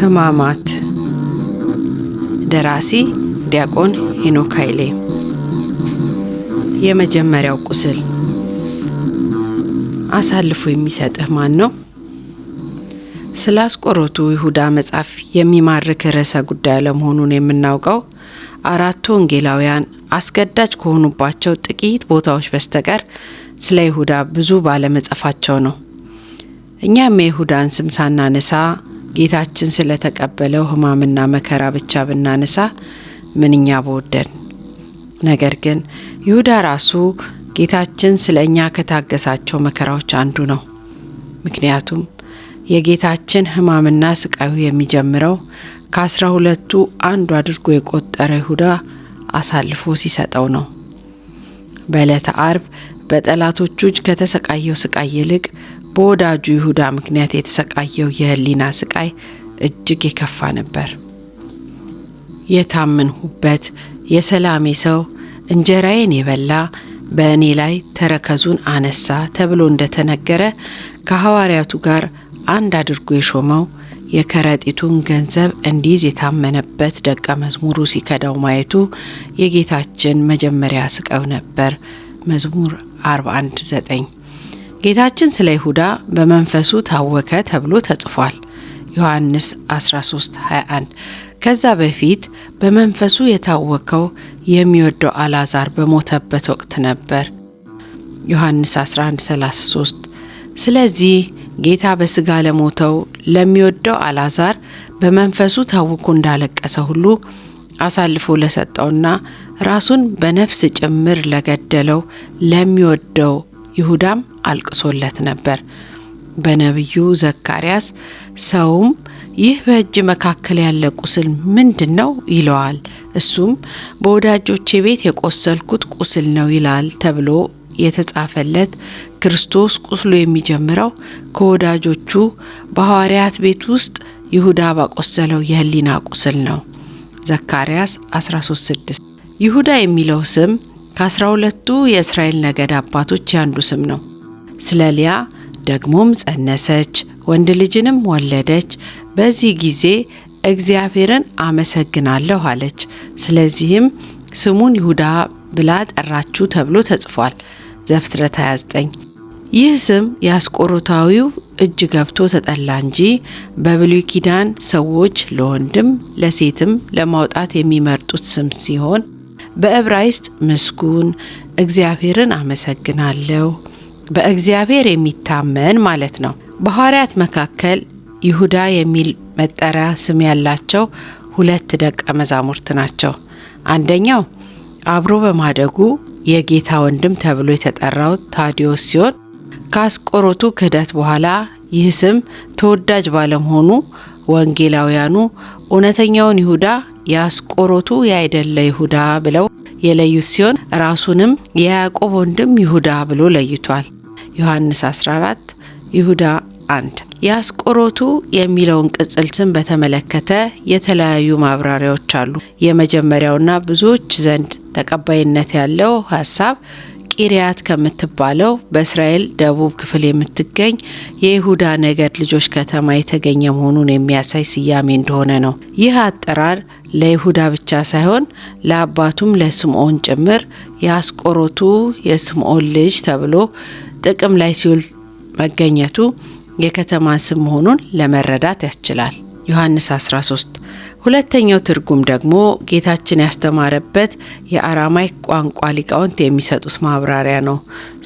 ህማማት ደራሲ ዲያቆን ሄኖክ ኃይሌ። የመጀመሪያው ቁስል አሳልፎ የሚሰጥህ ማን ነው? ስለ አስቆሮቱ ይሁዳ መጽሐፍ የሚማርክ ርዕሰ ጉዳይ አለመሆኑን የምናውቀው አራቱ ወንጌላውያን አስገዳጅ ከሆኑባቸው ጥቂት ቦታዎች በስተቀር ስለ ይሁዳ ብዙ ባለመጻፋቸው ነው። እኛም የይሁዳን ስም ሳናነሳ ጌታችን ስለ ተቀበለው ሕማምና መከራ ብቻ ብናነሳ ምንኛ በወደን። ነገር ግን ይሁዳ ራሱ ጌታችን ስለ እኛ ከታገሳቸው መከራዎች አንዱ ነው። ምክንያቱም የጌታችን ሕማምና ስቃዩ የሚጀምረው ከአስራ ሁለቱ አንዱ አድርጎ የቆጠረ ይሁዳ አሳልፎ ሲሰጠው ነው። በዕለተ አርብ በጠላቶቹ እጅ ከተሰቃየው ስቃይ ይልቅ በወዳጁ ይሁዳ ምክንያት የተሰቃየው የህሊና ስቃይ እጅግ የከፋ ነበር። የታመንሁበት የሰላሜ ሰው እንጀራዬን የበላ በእኔ ላይ ተረከዙን አነሳ ተብሎ እንደተነገረ ከሐዋርያቱ ጋር አንድ አድርጎ የሾመው የከረጢቱን ገንዘብ እንዲይዝ የታመነበት ደቀ መዝሙሩ ሲከዳው ማየቱ የጌታችን መጀመሪያ ስቃዩ ነበር። መዝሙር 419 ጌታችን ስለ ይሁዳ በመንፈሱ ታወከ ተብሎ ተጽፏል። ዮሐንስ 1321 ከዛ በፊት በመንፈሱ የታወከው የሚወደው አላዛር በሞተበት ወቅት ነበር። ዮሐንስ 1133 ስለዚህ ጌታ በስጋ ለሞተው ለሚወደው አላዛር በመንፈሱ ታውኮ እንዳለቀሰ ሁሉ አሳልፎ ለሰጠውና ራሱን በነፍስ ጭምር ለገደለው ለሚወደው ይሁዳም አልቅሶለት ነበር። በነቢዩ ዘካርያስ ሰውም ይህ በእጅ መካከል ያለ ቁስል ምንድን ነው ይለዋል። እሱም በወዳጆቼ ቤት የቆሰልኩት ቁስል ነው ይላል ተብሎ የተጻፈለት ክርስቶስ ቁስሉ የሚጀምረው ከወዳጆቹ በሐዋርያት ቤት ውስጥ ይሁዳ ባቆሰለው የህሊና ቁስል ነው። ዘካርያስ 136 ይሁዳ የሚለው ስም ከአስራ ሁለቱ የእስራኤል ነገድ አባቶች ያንዱ ስም ነው። ስለ ሊያ ደግሞም ጸነሰች፣ ወንድ ልጅንም ወለደች። በዚህ ጊዜ እግዚአብሔርን አመሰግናለሁ አለች። ስለዚህም ስሙን ይሁዳ ብላ ጠራችሁ ተብሎ ተጽፏል። ዘፍጥረት 29 ይህ ስም የአስቆሮታዊው እጅ ገብቶ ተጠላ እንጂ በብሉይ ኪዳን ሰዎች ለወንድም ለሴትም ለማውጣት የሚመርጡት ስም ሲሆን በዕብራይስጥ ምስጉን፣ እግዚአብሔርን አመሰግናለሁ፣ በእግዚአብሔር የሚታመን ማለት ነው። በሐዋርያት መካከል ይሁዳ የሚል መጠሪያ ስም ያላቸው ሁለት ደቀ መዛሙርት ናቸው። አንደኛው አብሮ በማደጉ የጌታ ወንድም ተብሎ የተጠራው ታዲዮስ ሲሆን ከአስቆሮቱ ክህደት በኋላ ይህ ስም ተወዳጅ ባለመሆኑ ወንጌላውያኑ እውነተኛውን ይሁዳ የአስቆሮቱ ያይደለ ይሁዳ ብለው የለዩት ሲሆን ራሱንም የያዕቆብ ወንድም ይሁዳ ብሎ ለይቷል። ዮሐንስ 14 ይሁዳ 1 የአስቆሮቱ የሚለውን ቅጽል ስም በተመለከተ የተለያዩ ማብራሪያዎች አሉ። የመጀመሪያውና ብዙዎች ዘንድ ተቀባይነት ያለው ሀሳብ ቂርያት ከምትባለው በእስራኤል ደቡብ ክፍል የምትገኝ የይሁዳ ነገድ ልጆች ከተማ የተገኘ መሆኑን የሚያሳይ ስያሜ እንደሆነ ነው። ይህ አጠራር ለይሁዳ ብቻ ሳይሆን ለአባቱም ለስምዖን ጭምር የአስቆሮቱ የስምዖን ልጅ ተብሎ ጥቅም ላይ ሲውል መገኘቱ የከተማ ስም መሆኑን ለመረዳት ያስችላል። ዮሐንስ 13። ሁለተኛው ትርጉም ደግሞ ጌታችን ያስተማረበት የአራማይክ ቋንቋ ሊቃውንት የሚሰጡት ማብራሪያ ነው።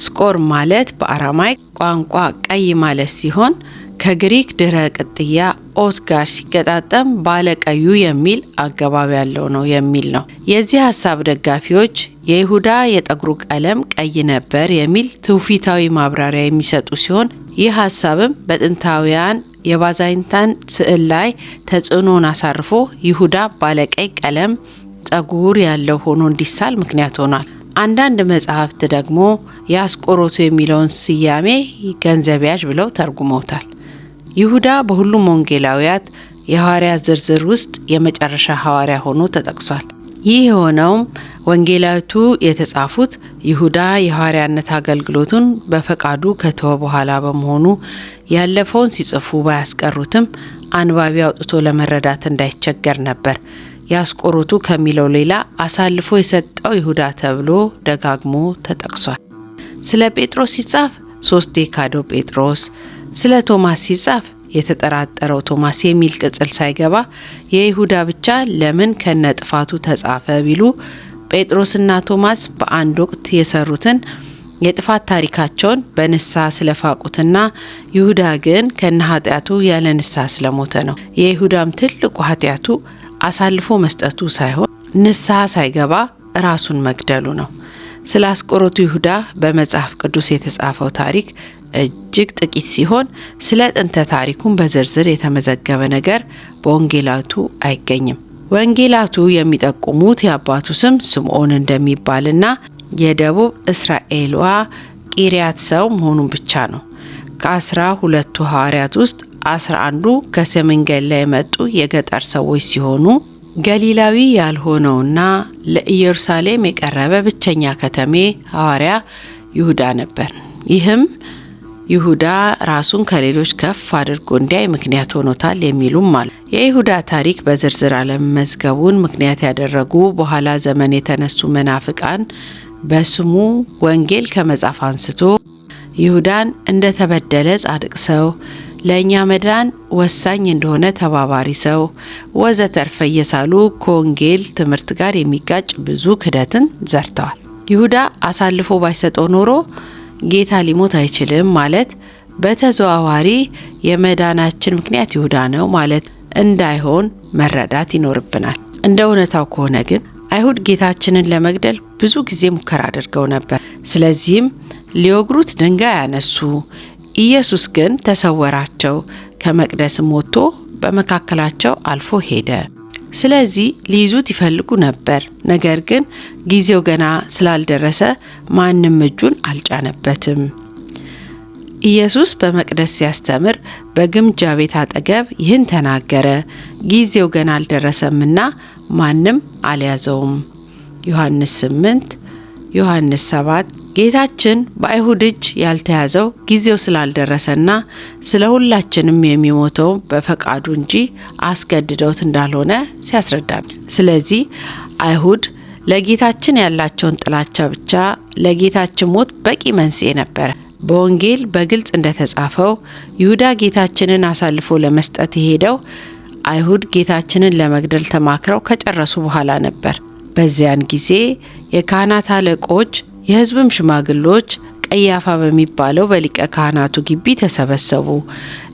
ስቆር ማለት በአራማይክ ቋንቋ ቀይ ማለት ሲሆን ከግሪክ ድረ ቅጥያ ኦት ጋር ሲገጣጠም ባለቀዩ የሚል አገባብ ያለው ነው የሚል ነው። የዚህ ሀሳብ ደጋፊዎች የይሁዳ የጠጉሩ ቀለም ቀይ ነበር የሚል ትውፊታዊ ማብራሪያ የሚሰጡ ሲሆን ይህ ሀሳብም በጥንታውያን የባዛይንታን ስዕል ላይ ተጽዕኖን አሳርፎ ይሁዳ ባለቀይ ቀለም ጸጉር ያለው ሆኖ እንዲሳል ምክንያት ሆኗል። አንዳንድ መጽሐፍት ደግሞ የአስቆሮቱ የሚለውን ስያሜ ገንዘብ ያዥ ብለው ተርጉመውታል። ይሁዳ በሁሉም ወንጌላውያት የሐዋርያ ዝርዝር ውስጥ የመጨረሻ ሐዋርያ ሆኖ ተጠቅሷል። ይህ የሆነውም ወንጌላቱ የተጻፉት ይሁዳ የሐዋርያነት አገልግሎቱን በፈቃዱ ከተወ በኋላ በመሆኑ ያለፈውን ሲጽፉ ባያስቀሩትም አንባቢ አውጥቶ ለመረዳት እንዳይቸገር ነበር። ያስቆሮቱ ከሚለው ሌላ አሳልፎ የሰጠው ይሁዳ ተብሎ ደጋግሞ ተጠቅሷል። ስለ ጴጥሮስ ሲጻፍ ሶስት የካዶ ጴጥሮስ፣ ስለ ቶማስ ሲጻፍ የተጠራጠረው ቶማስ የሚል ቅጽል ሳይገባ የይሁዳ ብቻ ለምን ከነ ጥፋቱ ተጻፈ ቢሉ ጴጥሮስና ቶማስ በአንድ ወቅት የሰሩትን የጥፋት ታሪካቸውን በንስሐ ስለፋቁትና ይሁዳ ግን ከነ ኃጢአቱ ያለ ንስሐ ስለሞተ ነው። የይሁዳም ትልቁ ኃጢአቱ አሳልፎ መስጠቱ ሳይሆን ንስሐ ሳይገባ ራሱን መግደሉ ነው። ስለ አስቆሮቱ ይሁዳ በመጽሐፍ ቅዱስ የተጻፈው ታሪክ እጅግ ጥቂት ሲሆን ስለ ጥንተ ታሪኩን በዝርዝር የተመዘገበ ነገር በወንጌላቱ አይገኝም። ወንጌላቱ የሚጠቁሙት የአባቱ ስም ስምዖን እንደሚባልና የደቡብ እስራኤሏ ቂርያት ሰው መሆኑን ብቻ ነው። ከአስራ ሁለቱ ሐዋርያት ውስጥ አስራ አንዱ ከሰሜን ገሊላ የመጡ የገጠር ሰዎች ሲሆኑ ገሊላዊ ያልሆነውና ለኢየሩሳሌም የቀረበ ብቸኛ ከተሜ ሐዋርያ ይሁዳ ነበር። ይህም ይሁዳ ራሱን ከሌሎች ከፍ አድርጎ እንዲያይ ምክንያት ሆኖታል የሚሉም አሉ። የይሁዳ ታሪክ በዝርዝር አለመመዝገቡን ምክንያት ያደረጉ በኋላ ዘመን የተነሱ መናፍቃን በስሙ ወንጌል ከመጻፍ አንስቶ ይሁዳን እንደ ተበደለ ጻድቅ ሰው፣ ለእኛ መዳን ወሳኝ እንደሆነ ተባባሪ ሰው ወዘተርፈ እየሳሉ ከወንጌል ትምህርት ጋር የሚጋጭ ብዙ ክደትን ዘርተዋል። ይሁዳ አሳልፎ ባይሰጠው ኖሮ ጌታ ሊሞት አይችልም ማለት በተዘዋዋሪ የመዳናችን ምክንያት ይሁዳ ነው ማለት እንዳይሆን መረዳት ይኖርብናል። እንደ እውነታው ከሆነ ግን አይሁድ ጌታችንን ለመግደል ብዙ ጊዜ ሙከራ አድርገው ነበር። ስለዚህም ሊወግሩት ድንጋይ ያነሱ። ኢየሱስ ግን ተሰወራቸው፣ ከመቅደስም ወጥቶ በመካከላቸው አልፎ ሄደ። ስለዚህ ሊይዙት ይፈልጉ ነበር። ነገር ግን ጊዜው ገና ስላልደረሰ ማንም እጁን አልጫነበትም። ኢየሱስ በመቅደስ ሲያስተምር በግምጃ ቤት አጠገብ ይህን ተናገረ፣ ጊዜው ገና አልደረሰምና ማንም አልያዘውም። ዮሐንስ 8 ዮሐንስ 7 ጌታችን በአይሁድ እጅ ያልተያዘው ጊዜው ስላልደረሰና ስለ ሁላችንም የሚሞተው በፈቃዱ እንጂ አስገድደውት እንዳልሆነ ሲያስረዳል። ስለዚህ አይሁድ ለጌታችን ያላቸውን ጥላቻ ብቻ ለጌታችን ሞት በቂ መንስኤ ነበር። በወንጌል በግልጽ እንደተጻፈው ይሁዳ ጌታችንን አሳልፎ ለመስጠት የሄደው አይሁድ ጌታችንን ለመግደል ተማክረው ከጨረሱ በኋላ ነበር። በዚያን ጊዜ የካህናት አለቆች የሕዝብም ሽማግሎች ቀያፋ በሚባለው በሊቀ ካህናቱ ግቢ ተሰበሰቡ።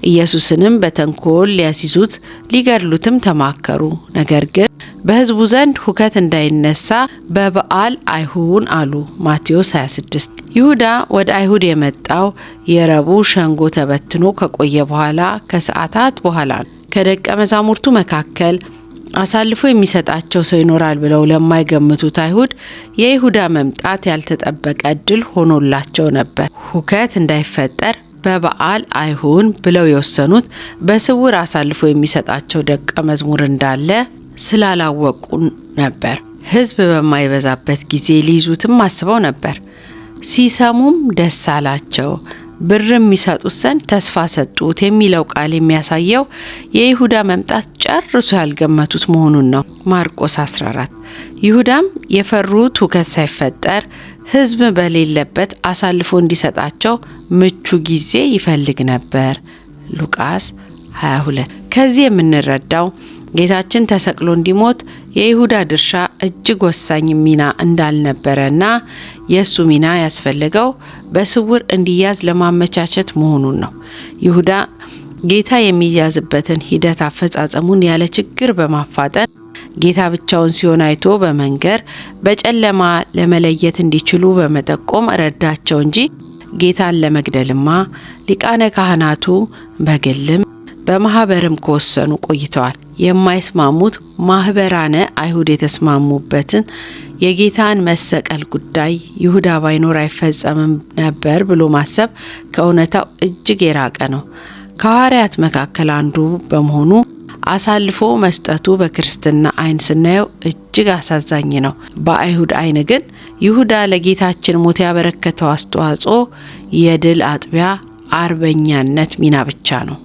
ኢየሱስንም በተንኮል ሊያስይዙት ሊገድሉትም ተማከሩ። ነገር ግን በሕዝቡ ዘንድ ሁከት እንዳይነሳ በበዓል አይሁን አሉ። ማቴዎስ 26 ይሁዳ ወደ አይሁድ የመጣው የረቡዕ ሸንጎ ተበትኖ ከቆየ በኋላ ከሰዓታት በኋላ ነው። ከደቀ መዛሙርቱ መካከል አሳልፎ የሚሰጣቸው ሰው ይኖራል ብለው ለማይገምቱት አይሁድ የይሁዳ መምጣት ያልተጠበቀ እድል ሆኖላቸው ነበር። ሁከት እንዳይፈጠር በበዓል አይሁን ብለው የወሰኑት በስውር አሳልፎ የሚሰጣቸው ደቀ መዝሙር እንዳለ ስላላወቁ ነበር። ሕዝብ በማይበዛበት ጊዜ ሊይዙትም አስበው ነበር። ሲሰሙም ደስ አላቸው። ብርም የሚሰጡት ዘንድ ተስፋ ሰጡት የሚለው ቃል የሚያሳየው የይሁዳ መምጣት ጨርሶ ያልገመቱት መሆኑን ነው። ማርቆስ 14 ይሁዳም የፈሩት ሁከት ሳይፈጠር ሕዝብ በሌለበት አሳልፎ እንዲሰጣቸው ምቹ ጊዜ ይፈልግ ነበር። ሉቃስ 22 ከዚህ የምንረዳው ጌታችን ተሰቅሎ እንዲሞት የይሁዳ ድርሻ እጅግ ወሳኝ ሚና እንዳልነበረና የእሱ ሚና ያስፈለገው በስውር እንዲያዝ ለማመቻቸት መሆኑን ነው። ይሁዳ ጌታ የሚያዝበትን ሂደት አፈጻጸሙን ያለ ችግር በማፋጠን ጌታ ብቻውን ሲሆን አይቶ በመንገር በጨለማ ለመለየት እንዲችሉ በመጠቆም ረዳቸው እንጂ ጌታን ለመግደልማ ሊቃነ ካህናቱ በግልም በማህበርም ከወሰኑ ቆይተዋል። የማይስማሙት ማኅበራነ አይሁድ የተስማሙበትን የጌታን መሰቀል ጉዳይ ይሁዳ ባይኖር አይፈጸምም ነበር ብሎ ማሰብ ከእውነታው እጅግ የራቀ ነው። ከሐዋርያት መካከል አንዱ በመሆኑ አሳልፎ መስጠቱ በክርስትና አይን ስናየው እጅግ አሳዛኝ ነው። በአይሁድ አይን ግን ይሁዳ ለጌታችን ሞት ያበረከተው አስተዋጽኦ የድል አጥቢያ አርበኛነት ሚና ብቻ ነው።